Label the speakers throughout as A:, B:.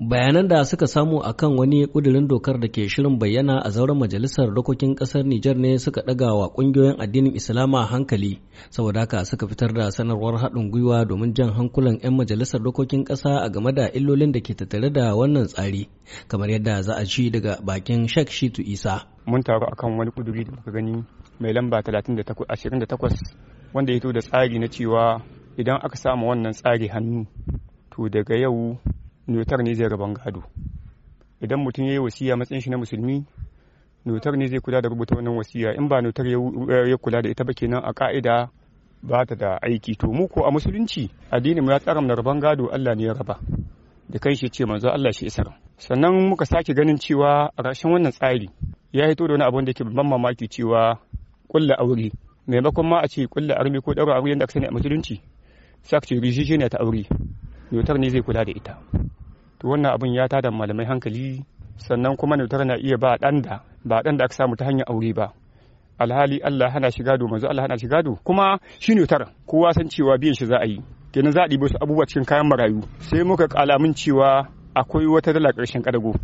A: bayanan da suka samu akan wani kudirin dokar da ke shirin bayyana a zauren majalisar dokokin kasar Nijar ne suka daga wa kungiyoyin addinin Islama hankali saboda haka suka fitar da sanarwar haɗin gwiwa domin jan hankulan 'yan majalisar dokokin kasa a game da illolin da
B: ke tattare da wannan tsari kamar yadda za a ci daga bakin Sheikh Shitu Isa mun taru akan wani kuduri da muka gani mai lamba 28 wanda ya da tsari na cewa idan aka samu wannan tsari hannu to daga yau notar ne zai rabon gado idan mutum ya yi wasiya matsayin shi na musulmi notar ne zai kula da rubuta wannan wasiya in ba notar ya kula da ita ba kenan a ka'ida ba ta da aiki to mu ko a musulunci addinin mu ya tsara mu rabon gado Allah ne ya raba da kai shi ce manzo Allah shi isar sannan muka sake ganin cewa a rashin wannan tsari ya hito da wani abun da ke babban mamaki cewa kulla aure maimakon ma a ce kulla armi ko daura aure yadda aka sani a musulunci sai ce ce ne ta aure notar ne zai kula da ita to wannan abun ya tada malamai hankali sannan kuma notar na iya ba ɗan da ba dan da aka samu ta hanyar aure ba alhali Allah hana shi gado manzo Allah hana shi gado kuma shi notar kowa san cewa biyan shi za a yi kenan za a ɗibi su abubuwa cikin kayan marayu sai muka kalamin cewa akwai wata dala ƙarshen ƙadago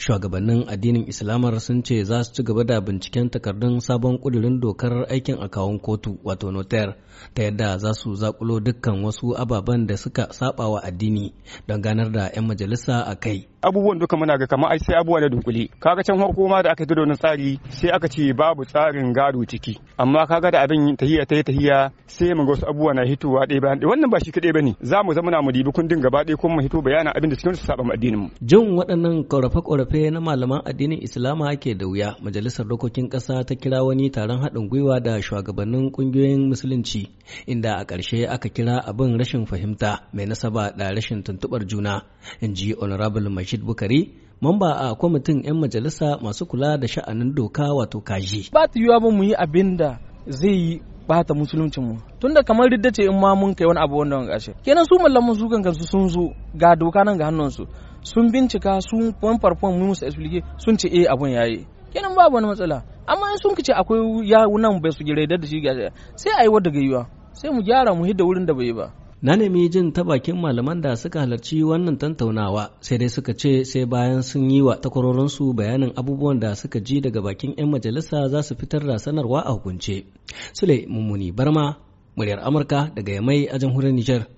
A: shugabannin addinin islamar sun ce za su ci gaba da binciken takardun sabon kudirin dokar aikin akawun kotu wato noter ta yadda za su zakulo dukkan wasu ababen da suka saba addini don ganar da 'yan
B: majalisa a kai abubuwan duka muna ga kamar ai sai abuwa da dunkule kaga can farko da aka tudo da tsari sai aka ce babu tsarin gado ciki amma kaga da abin tahiya ta tahiya sai mu ga wasu abubuwa na hitowa ɗaya bayan wannan ba shi kaɗai bane za mu zama mu dibi kundin gaba ɗaya kuma mu hito bayanin abin da cikin su saba addinin mu
A: jin waɗannan ƙorafe-ƙorafe na malaman addinin islama ke da wuya majalisar dokokin ƙasa ta kira wani taron haɗin gwiwa da shugabannin ƙungiyoyin musulunci inda a ƙarshe aka kira abin rashin fahimta mai nasaba da rashin tuntuɓar juna in ji honorable Rashid Bukari mamba a kwamitin 'yan majalisa masu kula da sha'anin doka wato kaji. Ba ta yiwa ba mu yi abin da zai yi bata musuluncin mu tunda kamar
C: ridda ce in ma mun kai wani abu wanda wani ashe kenan su mallaman su kan kansu sun zo ga doka nan ga hannunsu sun bincika sun kwan farfon mu musu explique sun ce eh abun yayi kenan babu wani matsala
A: amma in sun ce akwai ya nan bai su gire da shi sai
C: a yi wadda gaiwa sai mu gyara mu hidda wurin da bai ba
A: Na nemi jin ta bakin malaman da suka halarci wannan tantaunawa sai dai suka ce sai bayan sun yi wa takwarorinsu bayanin abubuwan da suka ji daga bakin 'yan majalisa za su fitar da sanarwa a hukunce. Sule Mummuni Barma, muryar Amurka daga Yamai a jamhuriyar Nijar.